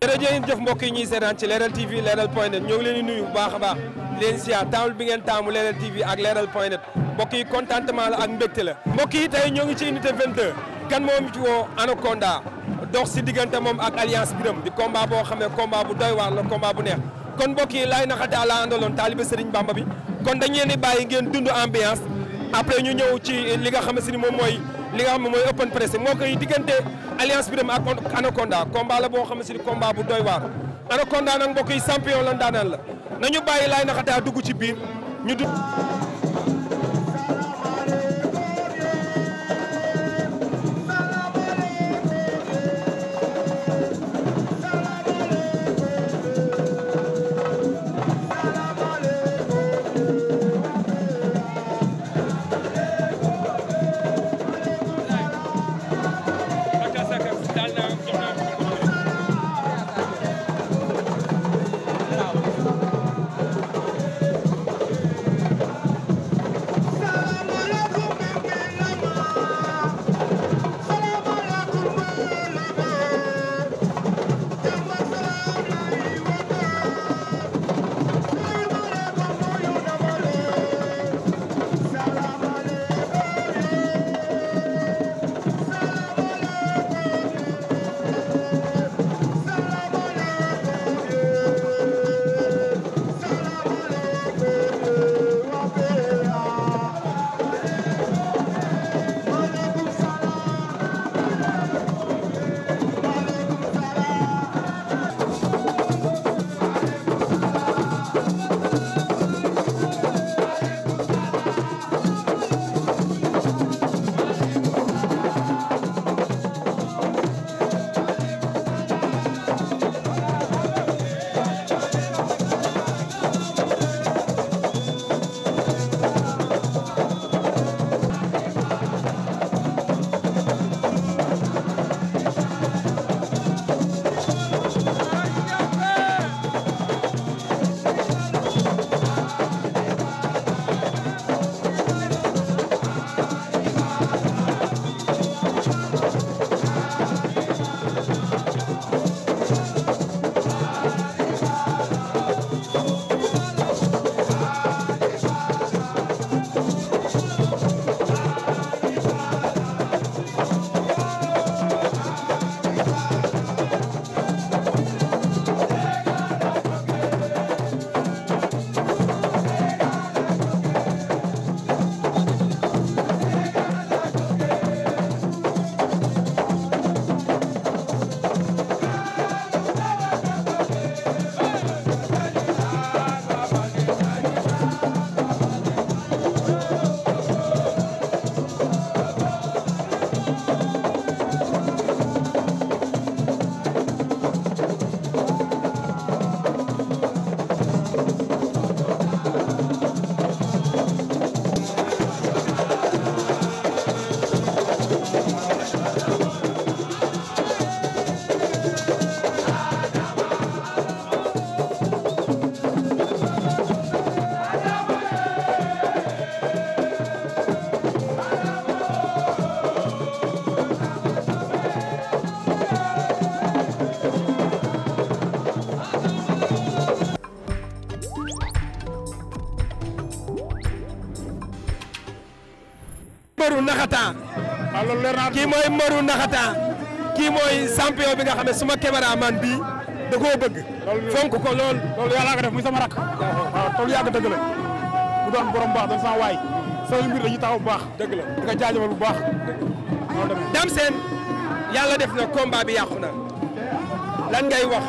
jërëjëf mbokk yi ñuy seetaan ci leeral TV leeral point net ñoo ngi leen di nuyu bu baax baax leen siyaar taamul bi ngeen taamu leeral TV ak leeral point net mbokk yi contentement la ak mbégte la. mbokk yi tey ñoo ngi ci unité 22 kan moom ci woo Anaconda dox si diggante moom ak alliance Birame di combat boo xam ne combat bu doy waar la combat bu neex kon mbokk yi laay naxate àla àndaloon taalibe Serigne Bamba bi kon dañu leen di bàyyi ngeen dund ambiance. après ñu ñëw ci li nga xamante ni moom mooy li nga xam ne mooy open press moo koy diggante alliance bi dem ak Anaconda combat la boo xamante ni combat bu doy waar. Anaconda nag mbokk yi champion la ndaanaan la nañu bàyyi laay naxataa dugg ci biir ñu dugg. mbaru naxataa. kii mooy mbaru naxataa. kii mooy champion bi nga xam ne suma cameraman bi da koo bëgg. fonk ko lool loolu yàlla ko def muy sama rak. waaw toolu yàgg dëgg la. bu doon borom baax doon sama waay. sama mbir dañuy taxaw bu baax. dëgg la di nga jaajëfal bu baax. Dame Sène yàlla def na combat bi yàqu na lan ngay wax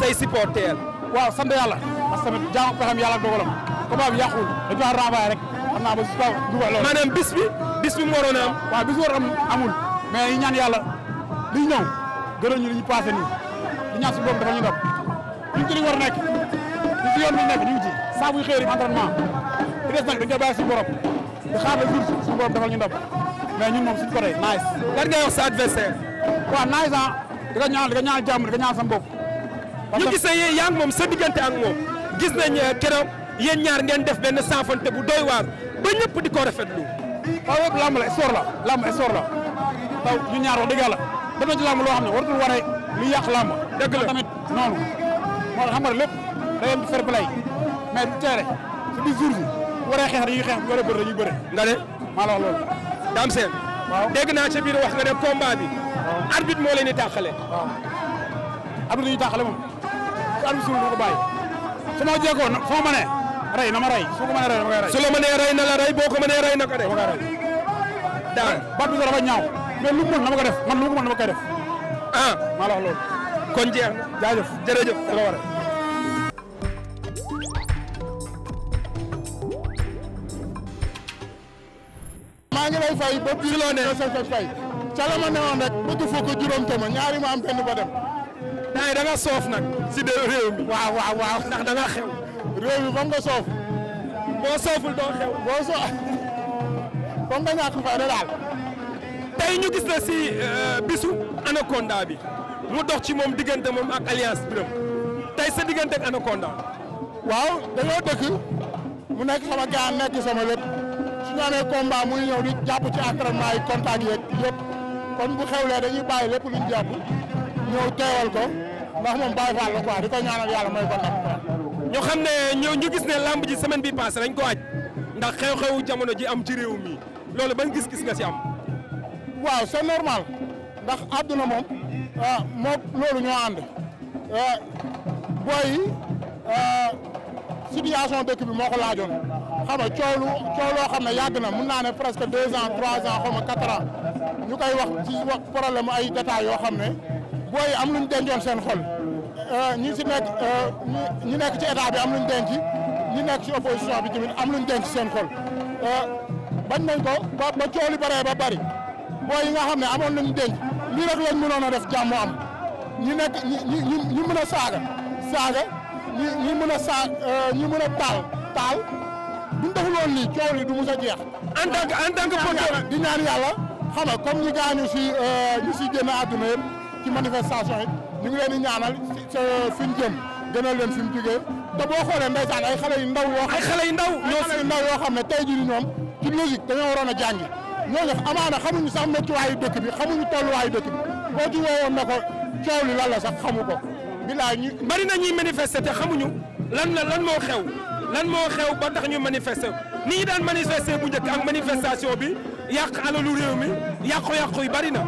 say supporter. waaw sant yàlla parce que tamit jaamu pexam yàlla dogalam combat bi yàquwul dañu faa renvoyer rek xam naa ba su ko dugal loolu. maanaam bis bi. bis bi mu waroon a bis war am amul mais ñu ñaan yàlla liñ ñëw gënoon ñu li ñu passé nii di ñaan suñu bopp dafa ñu dab ñu ci war a nekk ñu ci yoon bi nekk ñu ngi ci saa buy xëy entraînement di des nag di xaar la jour suñu borom dafa ñu ndab mais ñun moom suñu côté nice lan sa adversaire waaw nice ah di ko ñaan di ko ñaan jàmm di ko ñaan sama bopp ñu gisee yaa ngi moom sa diggante ak moom gis nañ eh, keroog yéen ñaar ngeen def benn saafante bu doy waar ba ñëpp di ko rafetlu waaw yëpp lamb la sport la lamb sport la taw ñu ñaar wax dëgg yàlla def na ci lamb loo xam ne waratul waree lu yàq lamb dëgg la tamit noonu moo xam nga lépp da ngeen di fair play mais du tere su di jour bi waree xeex dañuy xeex bu waree bëri dañuy bëri nga ne maa la wax loolu Dame Sène waaw dégg naa ca biir wax nga ne combat bi arbitre moo leen di tàqale waaw arbitre ñu tàqale moom su arbitre suul du ko bàyyi ma jeekoo foo ma rey na ma rey su ko mënee rey na ma koy rey. su la mënee rey na la rey boo ko mënee rey na ko de. dama koy rey daan baat bi sax dafa ñaaw mais lu mu mën na ma ko def man lu mu mën na ma koy def. ah maa la wax loolu. kon jeex na jaajëf jërëjëf su la waree. maa ngi lay fay ba biir loo ne sa fay ca la ma newoon rek bëgg fukk juróom tama ñaari ma am benn ba dem. tay da nga soof nag si de réew mi waaw waaw waaw ndax da nga xew réew mi fam nga soof boo sooful doo xew boo soof fam nga ñàkk fayda daal tey ñu gis na si euh, bisu Anaconda bi mu dox ci moom diggante moom ak alliance Birame tey sa diggante ak Anaconda waaw dañoo dëkk mu nekk sama gaan nekk sama lépp su ñu amee muy ñëw di jàpp ci entraînement yi contact yeeg yëpp kon bu xewlee dañuy bàyyi lépp luñ jàpp ñëw teewal ko ndax moom bàyyi faal la quoi di ko ñaanal yàlla mooy ko ñu xam ne ñoo ñu gis ne làmb ji semaine bi passé dañ ko ndax xew jamono ji am ci réew mi loolu ban gis-gis nga si am. waaw c'est normal ndax àdduna moom ah moom loolu ñoo ànd eh, booy eh, situation dëkk bi moo ko laajoon xam nga coow lu xam ne yàgg na mun naa ne presque deux an trois ans xaw quatre ans ñu koy wax ci wax problème ay détails yoo xam ne booy am lu ñu dencoon seen xol. Euh, ñi si nekk euh, ñi nekk ci état am luñ denc ñi nekk ci opposition bi tamit am luñ denc seen xol euh, ban nañ ko ba ba coow li bare ba bari booy yi nga xam ne amoon luñ denc lii rek lañ mënoon a def jàmm am ñi nekk ñi ñi ñi mën a saaga saaga ñi ñi a saa ñi mën a taal taal buñ deful woon lii coow li du mus a jeex. en tant que en tant que di ñaan yàlla xam nga comme ñi gaañu si ñu si génn àdduna yëpp ci manifestation yi ñu ngi leen di ñaanal. sa fi ñu jëm gënal leen fi mu jugee te boo xoolee ay xale yu ndaw yoo ay xale yu ndaw ñoo xale yu yoo xam ne tey jii ñoom ci logique dañoo waroon a jàngi ñooñu amaana xamuñu sax méttiwaayu dëkk bi xamuñu tolluwaayu dëkk bi boo ci woowoon na ko coow li la sax xamu ko bilaay ñu bari na ñuy manifester te xamuñu lan la lan moo xew lan moo xew ba tax ñu manifester ni ñu daan manifester bu njëkk ak manifestation bi yàq alalu réew mi yàqu-yàqu yi bari na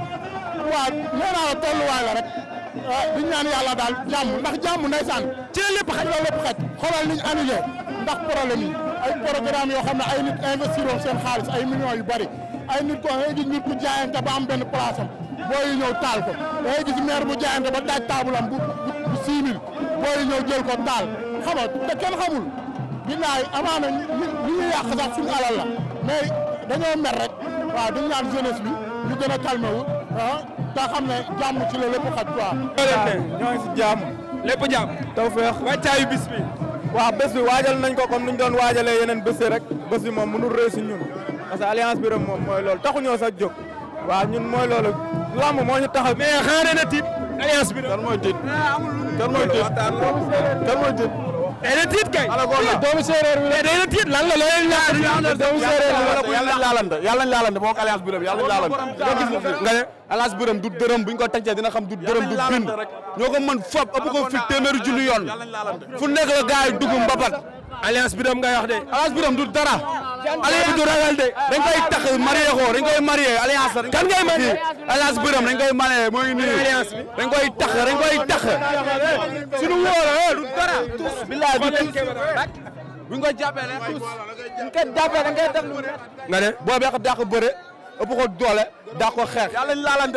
waaw nee naa di ñaan yàlla daal jàmm ndax jàmm ndeysaan ci la lépp xaj la lépp xaj xoolal niñ annulé ndax problème yi ay programme yoo xam ne ay nit investiroon seen xaalis ay millions yu bari ay nit ko ngay gis nit ku jaayante ba am benn place am booy yu ñëw taal ko dangay gis maire bu jaayante ba daaj taabulam bu bu six mille booy jël ko taal xam nga kenn xamul ginnaaw amaana ñu ñu yàq sax suñu alal dañoo mer rek waaw dañu naan jeunesse bi ñu gën a calmé te xam ne jàmm ci la lépp xaj quoi. waaw ñoo si jàmm. lépp jàmm. tawfeex wàccaayu bis bi. waaw bés bi waajal nañ ko comme ni ñu doon waajalee yeneen bés yi rek bés bi moom mënul réussir ñun parce que alliance bi moom mooy loolu taxuñoo sax jóg. waaw ñun mooy loolu lamb moo ñu tax mais xaaree na tiit alliance bi rek. kan day na tiit kay. doomu séeréer bi la day na tiit lan la loo leen laalante doomu séeréer bi la. yàlla nañ laalante yàlla nañ laalante moom alliance biram yàlla nañ laalante. nga ne alliance biram du dërëm buñ ko tàncee dina xam du dërëm du bin ñoo ko mën fop ëpp ko fi téeméeri junni yoon fu nekk la gars yi dugg mbapat alliance biram ngay wax de. alliance biram du dara. alliance du ragal de. alliance la. kan ngay marié alliance alliance bi dañ koy tax dañ koy tax. suñu wóor la eh, du dara. bilaay bi buñ ko jàppee rek. buñ ko jàppee da ngay def lu nga ne boo bee ko dàq bëre. ëpp ko doole daa ko xeex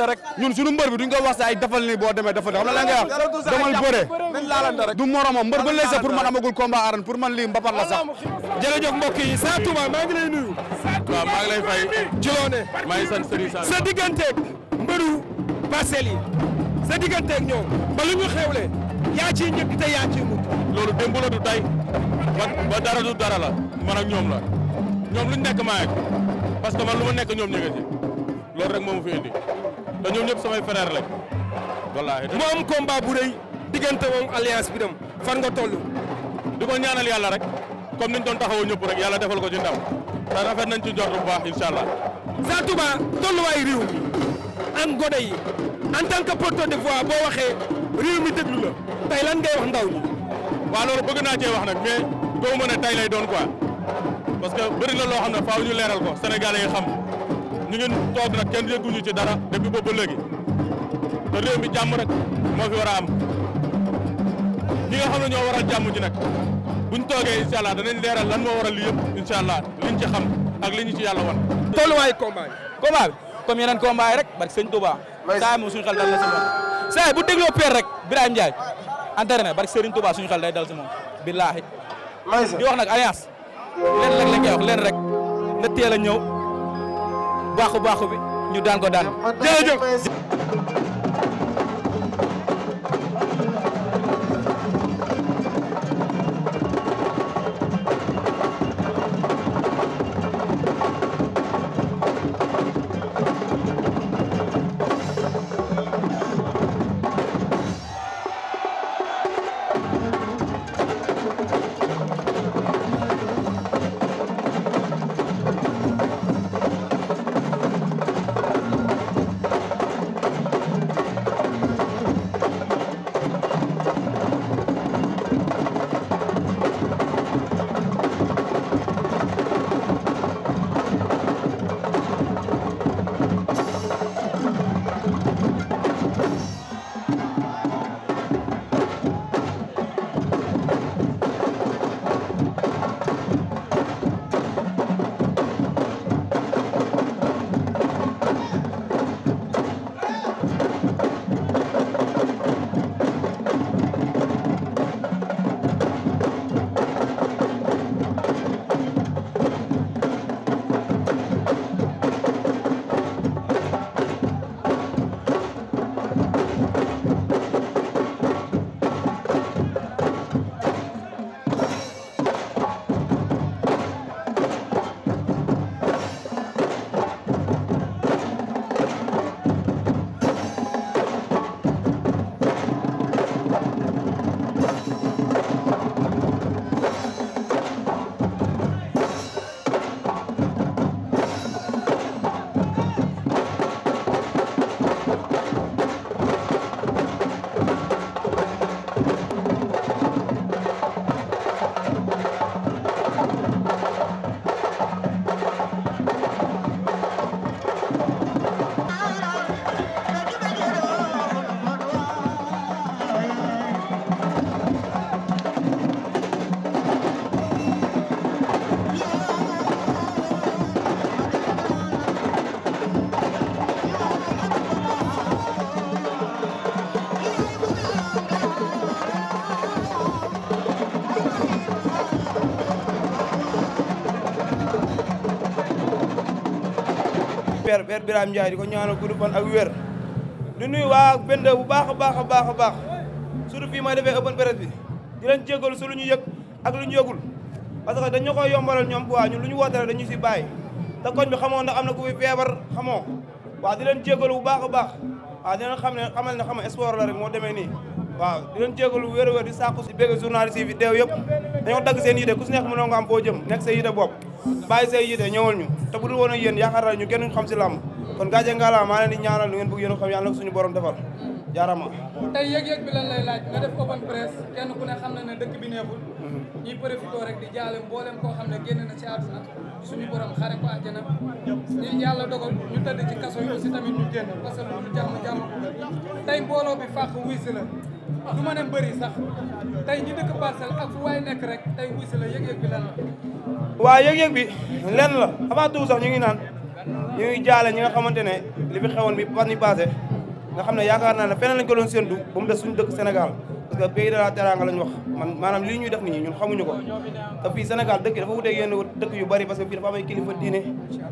rek ñun suñu mbër bi duñ ko wax sa ay defal ni boo demee defal xam na la nga wax demal bëre nañ laalante rek du moromam mbër ba lay sax pour man amagul combat aran pour man lii mbapat la sax jërëjëf mbokk yi Sa Touba maa ngi lay nuyu waaw maa ngi lay fay ci maa ngi sant Serigne Sall sa digganteeg mbëru parcelles yi sa ñoom ba lu ñu xewle yaa ciy njëkk te yaa ciy mujj loolu démb la du tey ba dara du dara la man ñoom la ñoom luñ nekk maa parce que man lu ma nekk ñoom ñu ngi ci loolu rek moo ma fi indi te ñoom ñëpp samay frère lañ wallaahi. mu am combat bu rëy diggante moom alliance bi dem fan nga toll. di ko ñaanal yàlla rek comme niñ doon taxawoo ñëpp rek yàlla defal ko ci ndam te rafet nañ ci njort bu baax incha allah. Zatou Touba tolluwaay réew mi ak gone yi en tant que porteur de voix boo waxee réew mi déglu la tey lan ngay wax ndaw ñi. waaw loolu bëgg naa cee wax nag mais doo mën a tey lay doon parce que bëri na loo xam ne faaw ñu leeral ko sénégalais yi xam ñu ngi toog nag kenn yëguñu ci dara depuis boobu ba léegi te rek moo fi war a am nga xam ne ñoo waral jàmm ji nag buñ toogee incha allah danañ leeral lan moo waral lii yëpp incha allah ak li ñu ci yàlla wan. tolluwaayu combat bi. combat bi comme yeneen rek barke sëñ Touba. saa moom suñu xel dal la si moom. saa bu dégloo père rek Birahim Ndiaye entraîneur barke Serigne Touba suñu xel dal si moom di wax nag alliance. leen rek la leen rek na teel a ñëw baaxu baaxu bi ñu daan ko daan jërëjëf Père Birame Ndiaye di ko ñaanal gudd fan ak wér di nuyu waa Penda bu baax a baax a baax su baax surtout fii may defee open presse bi di leen jégalu su lu ñu yëg ak lu ñu yëgul parce que dañu ko yombalal ñoom quoi ñun lu ñu woote dañu si bàyyi te koñ bi xamoo ndax am na ku fi feebar xamoo waaw di leen jégalu bu baax a baax waaw di leen xam ne xamal ne xam sport la rek moo demee nii waaw di leen jégalu wér wér di sàkku si bëgg journaliste yi fi teew yëpp dañoo dagg seen yite ku si nekk mënoo nga am foo jëm nekk say yite bopp bàyyi say yite ñëwal ñu te bu dul woon ak yéen yaakaar naa ñu kenn xam si làmb kon gàcce ngala maa leen di ñaanal lu ngeen bëgg yéen xam yàlla na suñu borom defal jaarama tey yëg-yëg bi lan lay laaj nga def open press kenn ku ne xam na ne dëkk bi neexul mhm. ñuy profité rek di jaale mboolem koo xam ne génn na ci àdduna suñu borom xare ko àjjana ñi yàlla dogal ñu tëdd ci kaso waa ma ne mbëri sax yëg-yëg bi lan la. waaw sax ñu ngi naan ñu ngi jaale ñi nga xamante ne li fi xewoon bi fan yi nga xam ne yaakaar naa ne feneen lañ ko doon séntu la teranga wax man maanaam lii ñuy def nit ñi ñun xamuñu ko te fii Sénégal dëkk dafa wuteeg yenn dëkk yu bari parce que fii dafa am ay kilifa diine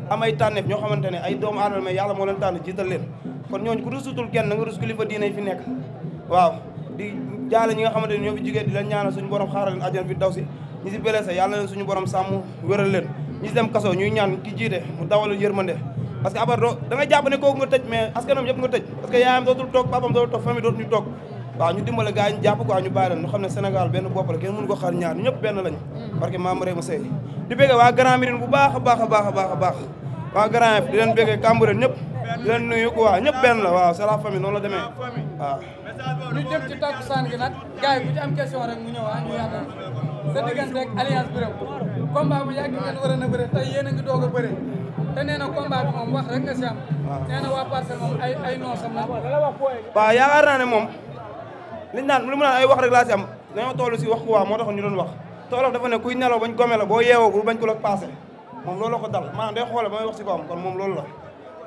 am ay tànneef ñoo ne ay doomu aadama yàlla moo leen tànn jiital leen kon ñooñu ku rusutul kenn nga rus kilifa diine fi nekk waaw di jaale ñi nga xamante ni ñoo di leen ñaanal suñu borom xaaral leen fi daw ñi si blessé yàlla leen suñu borom sàmm wéral leen ñi si dem kaso ñuy ñaan ki jiite mu dawalu yërmande parce que abar doo da nga jàpp ne kooku nga tëj mais askanam yëpp nga tëj parce que yaayam dootul toog papam dootul toog famille dootuñu toog waaw ñu dimbale gars ñu jàpp quoi ñu bàyyi leen ñu xam ne Sénégal benn bopp mm. Sey di bëgg waa Grand bu baax a baax a waa Grand Yoff di leen béggee Cambérène ñëpp di leen nuyu quoi ñëpp benn la waaw c'est la famille la demee waaw. ñu jëm ci takkusaan gi nag gars yi bu ci am question rek mu ñëw ah ñu yaatal sa diggante bu yàgg ngeen war a na bëre tey yéen a ngi doog te nee na combat moom wax rek nga si am. waa parcelle moom ay ay noosam la. waaw yaakaar naa ne moom liñ naan li ay wax rek laa si am dañoo toll si wax ku waa moo tax ñu doon wax. toolof dafa ne kuy nelaw bañ gome la boo moom loolu ko dal maanaam day xoole kon moom loolu la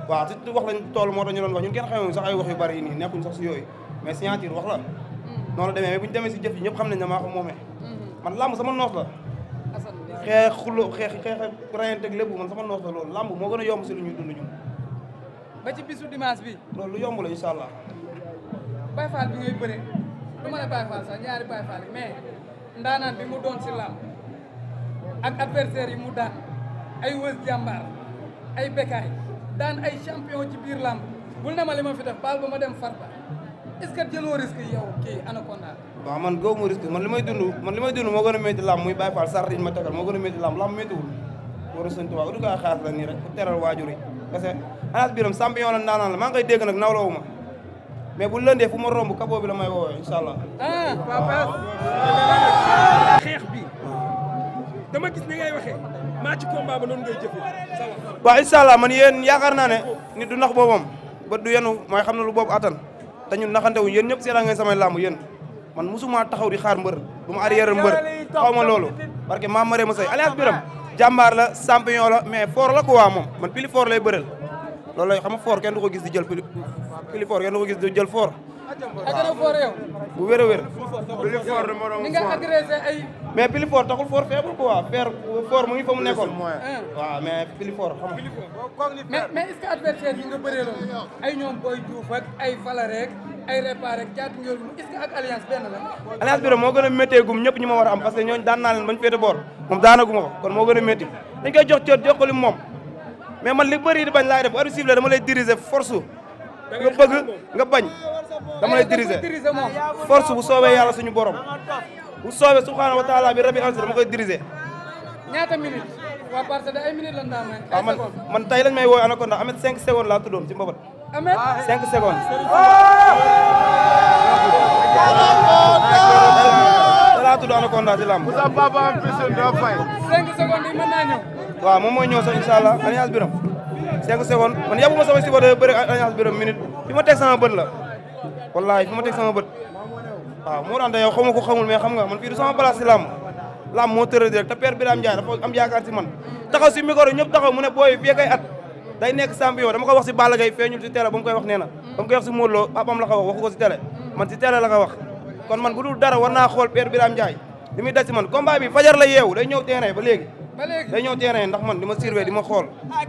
waaw si wax lañ toll moo tax ñu doon wax ñun kenn xamewuñ sax ay wax yu bari nii nekkuñ sax si yooyu mais signature wax la mm. noonu la demee mais bu ñu demee si jëf ji ñëpp xam nañ ne maa ko moomee mm-hmm. man làmb sama noos la xeex xulo xeex xeex rayante ak lépp man sama noos la loolu làmb moo gën a yomb si lu ñuy dund ñun ba ci bisu dimanche bi loolu lu yomb la incha allah Baye Fall bi ngay bëre du ma ne Baye Fall sax ñaari Baye Fall mu doon si làmb ak adversaire mu daan ay wës jàmbaar ay bekaay daan ay champion ci biir làmb bul ne ma li ma fi def baal ba ma dem farba est-ce que jëloo risque yow kii Anaconda. waaw man góob mu risque man li may dund man li may dund moo gën a métti làmb muy Baye Fall sart yi ma tegal moo gën a métti làmb làmb méttiwul war a sant waaw du ko xaar la nii rek pour teral waajur yi parce que Anas Biram la ndaanaan la maa ngi koy dégg nag nawloo ma mais bu fu ma romb kaboo la may woowee incha ah, bi dama gis waa ci combat ba noonu ngay man yéen yaakaar naa ne nit du nax boobam ba du yenu mooy xam ne lu boobu attan te ñun naxante wuñ yéen ñëpp seetaan ngeen samay làmb yéen man mosuma taxaw di xaar mbër du ma arrière mbër xaw ma loolu parce que maam maree ma say alias biram jàmbaar la champion la mais fort la quoi moom man pili fort lay bëreel loolu la xam nga fort kenn du ko gis di jël pili fort kenn du ko gis di jël fort agana foor yow bu wér a wér ni nga agressé ay mais pili fort taxul fort faible quoi fer fort mu ngi fa mu nekkoon ah. waaw mais pili fort xam nga mais est-ce que adversaire yi nga bëree loon ay ñoom booy Diouf ak ay fala rek ay réparé rek jaatu ñoom est-ce que ak alliance benn la alliance bi moo gën a méttee gum ñëpp ñi ma war a am parce que ñooñu daan naa leen bañ féete boor moom daanaguma ko kon moo gën a métti dañ koy jox cër jox ko li moom mais man li bëri di bañ laay def bu arbitre siffle dama lay diriger force nga bëgg nga bañ dama lay diriger force bu soobee yàlla suñu borom bu soobee subhaanahu wa taala bi rabi ansi dama koy diriger. ñaata minute waa parce que ay minute lañ daan waaw ah, man man may wooy anaconda amet 5 secondes laa tuddoon ci mbabat. amet 5 secondes. laa tudd anaconda ci làmb. sa papa am bisu Ndao Faye. 5 ñëw. waaw moom mooy ñëw sax incha allah biram cinq secondes man yàbbu ma sama si wala bëri alliance biram minute fi ma teg sama bët la wallahi fi ma teg sama bët waaw moo daan yow xawma ko xamul mais nga man fii du sama place si làmb làmb moo tëral rek te père Birame Ndiaye dafa am yaakaar si man taxaw si micro ñëpp taxaw mu ne booy fii kay at day nekk champion dama ko wax si Balla Gaye feeñul si télé ba mu koy wax nee na ba mu koy wax si Modou Lo abam la ka wax waxu si télé man ko dul dara war naa xool père Birame Ndiaye li muy man combat bi fajar la yeewu day ñëw terrain ba léegi day ñëw terrain ndax man di ma surveiller di ma xool ah,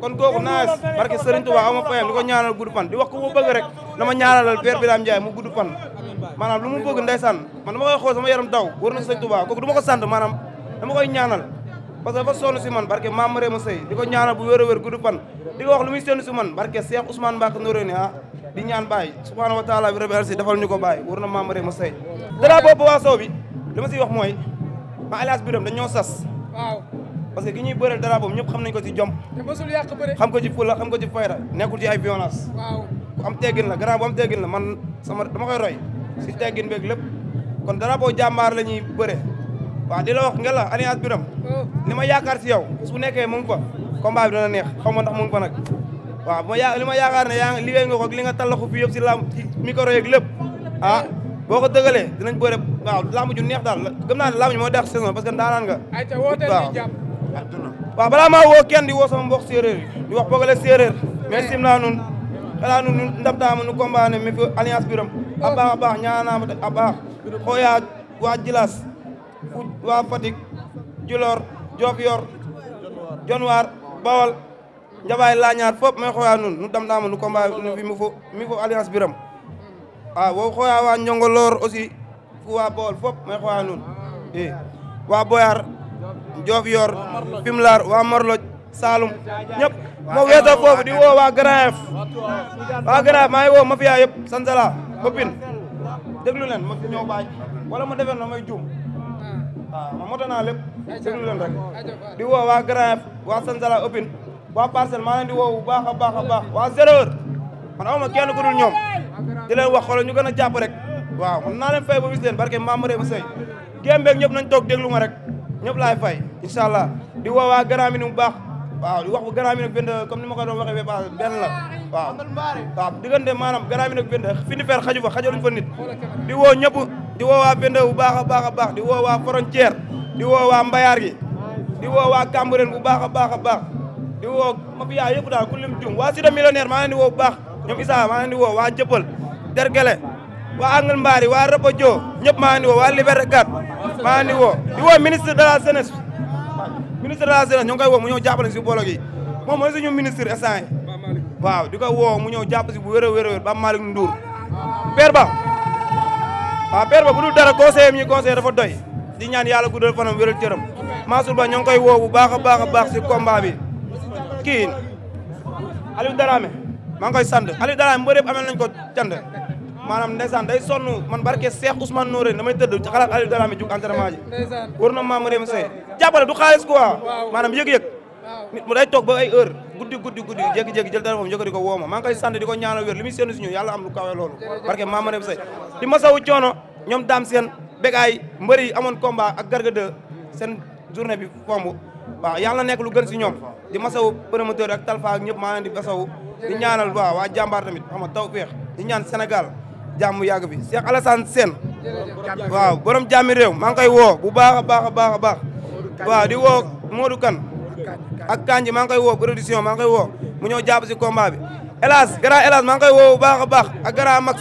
kon kooku naas barke Serigne Touba ama fayam di ko ñaanal gudd fan di wax ko mu bëgg rek dama ñaanalal père bi mu gudd fan maanaam lu mu bëgg ndeysaan man dama koy xool sama yaram daw wër na Serigne Touba kooku du ma ko sant maanaam dama koy ñaanal parce que dafa sonn si man barke maam Marème Seye di ko ñaanal bu wér a wér fan di ko wax lu muy sonn si man barke Cheikh Ousmane Mbacke Noreyni ah wa taala bi rabbi alsi dafal ñu ko Baye wër na maam ma Alliance Birame ñoo sas. waaw parce que ki ñuy bëreel dara boobu ñëpp xam nañ ko ci jom. te mosul yàq bëre. xam ko ci fula xam ko ci fayda nekkul ci ay violence. waaw am teggin la grand bu am teggin la man sama dama koy roy. si teggin beeg lépp kon dara boo jàmbaar la ñuy bëre. waaw di la wax nga la Alliance Birame. Oh. li ma yaakaar si yow su nekkee mu ngi fa. combat neex xaw ma ndax mu ngi fa nag. waaw ma ya li ma yaakaar ne yaa ngi nga ko li nga tallaxu fi yëpp si lam ci micro yeeg lépp ah boo ko dëgalee dinañ bëre waaw lamb ju neex daal gëm naa ne moo dex saison parce que ndaanaan nga. waaw balaa maa woo kenn di woo sama séeréer di wax boogale séeréer mais sim nun oh. xanaa nun nu combat a a a baax nu dam nu fi mi fo alliance biram waaw woo xooyaa waa Njongoloor aussi fu waa Bawol fop maxey xooya nuun i waa Boyar Joof Yoor Fimelaar waa Marloj Saalum ñëpp ma weeta foofu di woo waa Grand waa Grand maa ngi woo ma fiya yëpp sansala bopin déglu leen ma ñëw baaj wala ma defen na may juum ma mota naa lépp déglu leen rek di woo waa Grand Yoff waa sansala ëppin waa parcelle maa leen di woo baax a baax a baax waa zéro heure man awma kenn ku dul ñoom di leen wax xoolal ñu gën a jàpp rek waaw xam naa leen fay ba bis leen barke maam Rémy Seye géem beeg ñëpp nañ toog déglu ma rek ñëpp laay fay incha allah di woo waa Grand Médine bu baax waaw di wax bu Grand Médine ak Bende comme ni ma ko doon waxee ba benn la waaw waaw diggante maanaam Grand Médine ak Bende fi ni fer xaju fa xajaluñ fa nit di woo ñëpp di woo waa Bende bu baax a baax a baax di woo waa frontière di woo waa mbayaar gi di woo waa Cambérène bu baax a baax a baax di woo mafia yëpp daal ku lim jum waa Sida millionnaire maa leen woo bu baax ñoom woo waa Jëppal Dergele waa Angle Mbari waa Rabo Dio ñëpp maa ngi woo waa Liberté 4 maa woo di woo ministre de la jeunesse ministre de la jeunesse ñu ngi koy woo mu ñëw jàppale si boolog yi moom mooy suñu ministre instant yi waaw di ko woo mu ñëw jàpp si bu wér a wér a wér ba Malick Ndour père ba waaw père ba bu dul dara conseil ñi conseil dafa doy di ñaan yàlla guddal fanam wéral cëram Mansour Ba ñoo koy woo bu baax a baax a baax si combat bi kii Aliou Darame maa ngi koy sant Aliou nañ ko cant maanaam ndeysaan day sonn man barke Cheikh Ousmane Nouré damay tëdd ci xalaat Aliou Darame jug entraînement ji war na maam réew say jàppale du xaalis quoi maanaam yëg-yëg nit mu day toog ba ay heure guddi guddi guddi jékki-jékki jël téléphone yëkkati ko woo ma maa ngi koy sant di ko ñaanal wér li muy séenu si ñu yàlla am lu kawe loolu barke maam say di masawu coono ñoom daam seen bégaay mbëri yi amoon combat a garga seen journée bi fomb waaw yàlla nekk lu gën si ñoom di masawu promoteur ak talfa ak ñëpp maa leen di masawu di ñaanal waaw waa jàmbaar tamit xam nga taw feex di ñaan Sénégal jàmm yàgg bi Cheikh Alassane Sène waaw borom jàmmi réew maa ngi koy woo bu baax a baax a baax a waaw di woo Modou Kane ak Kanji maa ngi koy woo production maa ngi koy woo mu ñëw jàpp si combat bi Elas grand Elas maa ngi koy woo bu baax a baax ak grand Max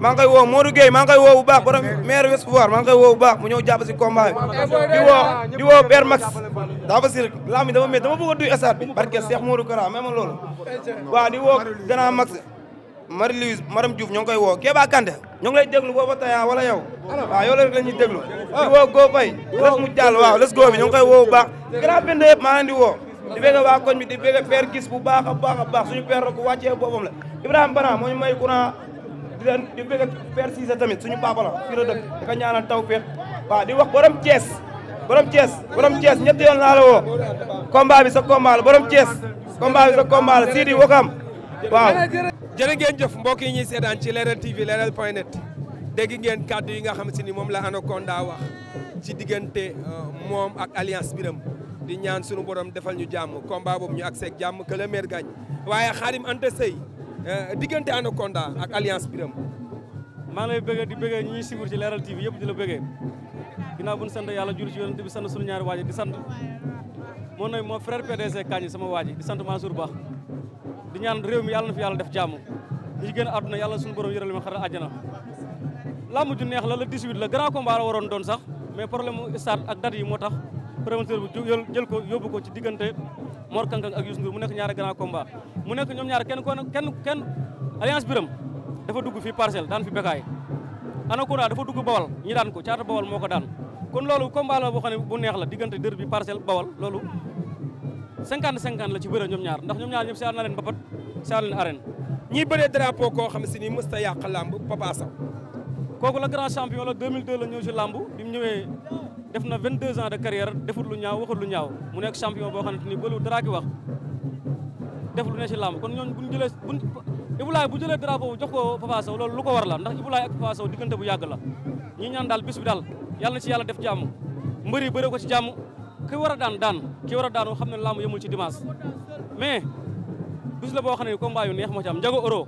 maa ngi koy woo Modou Gueye maa ngi koy woo bu baax borom maire West Foire maa ngi koy woo bu baax mu ñëw jàpp si combat bi di woo di woo père Max daa fa sir laa mi dama mét dama bëgg a duy stade bi barke Cheikh Modou Kara même loolu waaw di woo Marie-Louise Maram Diouf ñoo ngi koy woo Kéba Kanté ñoo ngi lay déglu booba taya ah, wala yow waaw ah, yow la rek la ñuy déglu ah. di woo Go Faye mu jàll waaw les go bi ñoo woo bu baax grand pind yëpp maa leen di woo di bëgg waa koñ di bëgg père gis bu baax a baax a baax suñu père rek wàccee boobam la Ibrahima Bana moo ñu may courant di leen di bëgg père Cissé tamit suñu papa la fii la dëkk di ko ñaanal taw féex waaw di wax borom Thiès borom Thiès borom Thiès ñetti sa combat la borom Thiès combat bi sa combat la jërë ngeen jëf mbokk yi ñuy seetaan ci leeral TV leeral point net dégg ngeen kàddu yi nga xam si ni moom la Anaconda wax ci diggante euh, moom ak alliance biram di ñaan sunu borom defal ñu jàmm combat boobu ñu ak seeg jàmm que le waaye Khadim Anta Seye euh, diggante Anaconda ak alliance biram maa ngi lay bëggee di bëggee ñi ñuy suivre ci leeral TV yëpp di la bëggee ginnaaw bu ñu sant yàlla jul ci yonent bi sant sunu ñaari waaji di sant moo nooy moo frère PDC Kañ sama waaji di sant Mansour Ba di ñaan réew mi yàlla na fi yàlla def jàmm ñi gën a àdduna yàlla suñu borom yëral ma xara àjjana làmb neex la la 18 la grand combat la waroon doon sax mais problème mu stade ak date yi moo tax promoteur bi jël ko yóbbu ko ci diggante Mor Kankang ak Youssou Ndour mu nekk ñaari grand combat mu nekk ñoom ñaar kenn ko kenn kenn alliance biram dafa dugg fi parcelle daan fi bekaay anakoundaa dafa dugg bawal ñi daan ko caata bawal moo ko daan kon loolu combat la boo xam ne neex la diggante dër bi parcelle bawal loolu cinquante cinquante la ci bëre ñoom ñaar ndax ñoom ñaar ñëpp seetlu na leen mbapat seetlu na arène ñiy bëree drapeau koo xam si ni mës ta yàq làmb Papa Sow kooku la grand champion la 2002 la ñëw si làmb bi mu ñëwee def na 22 ans de carrière defut lu ñaaw waxut lu ñaaw mu nekk champion boo xamante ni bëlu dara ki wax def lu ne si làmb kon ñooñu buñ jëlee buñ Ibulaay bu jëlee drapeau bu jox ko Papa loolu lu ko war la ndax Ibulaay bu yàgg la ñi ñaan daal bis bi daal yàlla na ci yàlla def ci jàmm ki war a daan daan ki war a daan xam ne làmb yemul ci dimanche mais bis la boo xam ne combat yu neex moo ci am njago euro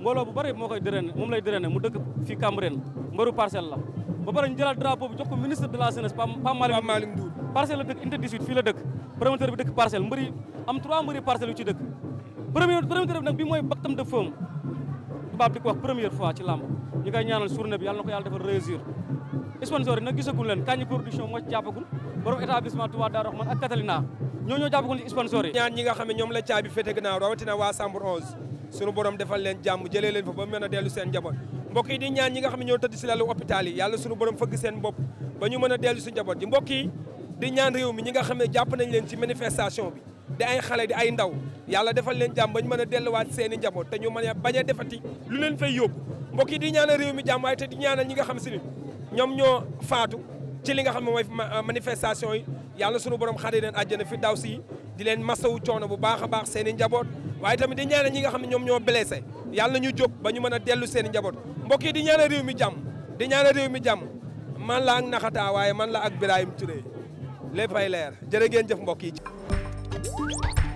mbooloo bu bari moo koy drainer moom lay drainer mu dëkk fii Cambérène mbaru parcelle la ba pare ñu jëlaat drapeau bi jox ko ministre de la jeunesse Pape Malick Ndour parcelle la dëkk unité 18 fii la dëkk promoteur bi dëkk parcelle mbëri am 3 mbëri parcelle yu ci dëkk premier bi nag bi mooy bactam de femme tubaab di ko wax première fois ci làmb ñu koy ñaanal journée bi yàlla na ko yàlla defal réussir sponsor yi nag leen kañ production moo ci borom établissement Touba Darou Rahmane ak Catalina ñoo ñoo jàppagul ci sponsor ñaan ñi nga xam ne ñoom la caabi féete gannaaw na waa Sambour 11 sunu borom defal leen jàmm jëlee leen fa ba mën a dellu seen njaboot mbokk yi di ñaan ñi nga xam ne ñoo si lalu hôpital yi yàlla sunu borom fëgg seen bopp ba ñu si njaboot yi mbokk yi di ñaan réew mi ñi nga xam ne jàpp nañ leen ci manifestation bi di ay xale di ay ndaw yàlla defal leen jàmm ba mën a delluwaat seen i njaboot te ñu mën a bañ a defati lu leen fay yóbbu mbokk yi di ñaanal réew mi jàmm waaye te di ñaanal ñi nga xam si ni ñoom ñoo faatu ci li nga xam ne mooy euh, manifestation yi yàlla sunu borom xare leen àjjana fi daw si di leen masawu coono bu baax a baax seen i njaboot waaye tamit di ñaanal ñi nga xam ne ñoom ñoo blessé yàlla ñu jóg ba ñu mën a dellu seen njaboot mbokk di ñaanal réew mi jàmm di réew mi jàmm man la ak naxataa waaye man la ak Birahim Touré léppay leer jërë ngeen jëf mbokk yi.